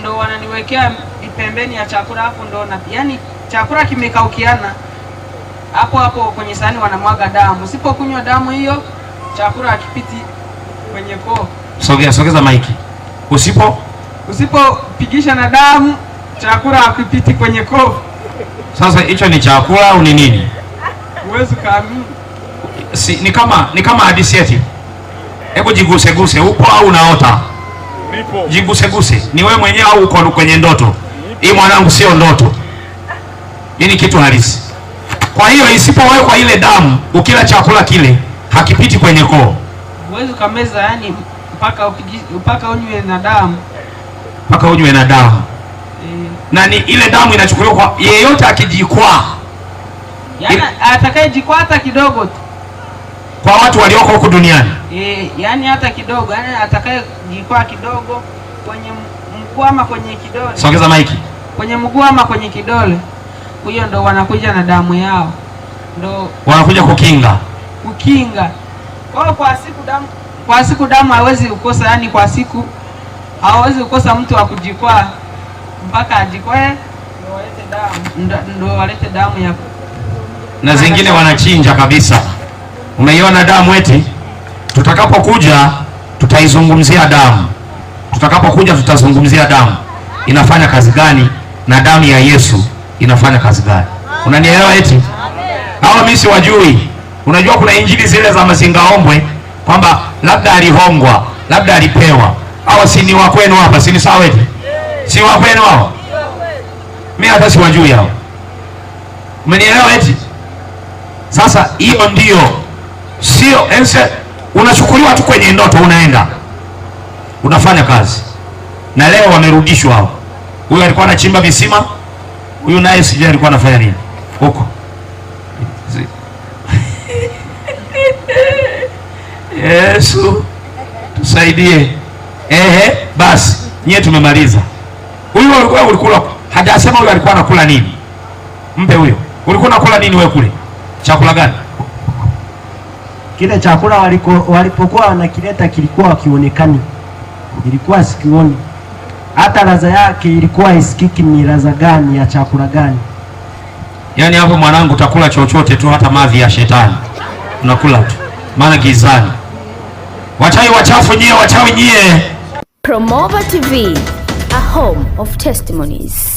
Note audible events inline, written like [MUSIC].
ndo wananiwekea pembeni ya chakula hapo, ndo na yani chakula kimekaukiana hapo hapo kwenye sahani wanamwaga damu. Usipokunywa damu hiyo, chakula hakipiti kwenye koo. Sogea, sogeza maiki. Usipo usipopigisha na damu, chakula hakipiti kwenye koo. Sasa hicho ni chakula au ni nini? Huwezi kaamini. Si, ni kama ni kama hadithi yetu. Hebu jiguse guse, upo au unaota? jiguseguse, ni wewe mwenyewe au uko kwenye ndoto hii? Mwanangu, sio ndoto, hii ni kitu halisi. Kwa hiyo isipowekwa ile damu, ukila chakula kile hakipiti kwenye koo, huwezi kameza yani mpaka mpaka unywe na damu, mpaka unywe na damu e. Na ni ile damu inachukuliwa kwa yeyote akijikwaa, yani atakayejikwaa hata kidogo tu, kwa watu walioko huku duniani eh, yani hata kidogo, yani atakayejikwaa kidogo kwenye mguu ama kwenye kidole, songeza maiki, kwenye mguu ama kwenye kidole, huyo ndo wanakuja na damu yao, ndo wanakuja kukinga kukinga kwao kwa siku damu kwa siku damu hawezi kukosa, yani kwa siku hawezi kukosa mtu wa kujikwaa mpaka ajikwae ndo walete damu, ndo walete damu ya na zingine wanachinja kabisa. Umeiona damu eti Tutakapokuja tutaizungumzia damu, tutakapokuja tutazungumzia damu inafanya kazi gani na damu ya Yesu inafanya kazi gani? Unanielewa? Eti hawa mimi siwajui. Unajua kuna injili zile za mazingaombwe kwamba labda alihongwa, labda alipewa. Hawa si ni wa kwenu hapa, si ni sawa? Eti si wa kwenu hao? Mimi hata siwajui hao, umenielewa? Eti sasa hiyo ndio sio ense unachukuliwa tu kwenye ndoto, unaenda unafanya kazi, na leo wamerudishwa hao. Huyu alikuwa anachimba visima, huyu naye sijui alikuwa anafanya nini huko [LAUGHS] Yesu tusaidie. Ehe, basi nyie tumemaliza. Huyu wewe ulikula, hajasema huyu alikuwa anakula nini. Mpe huyo, ulikuwa unakula nini wewe kule, chakula gani? Kile chakula waliko, walipokuwa wanakileta kilikuwa wakionekani, ilikuwa sikioni, hata raza yake ilikuwa isikiki, ni raza gani ya chakula gani? Yaani hapo mwanangu, utakula chochote tu, hata mavi ya shetani unakula tu, maana gizani. Wachawi wachafu nyie, wachawi nyie! Promova TV, a home of testimonies.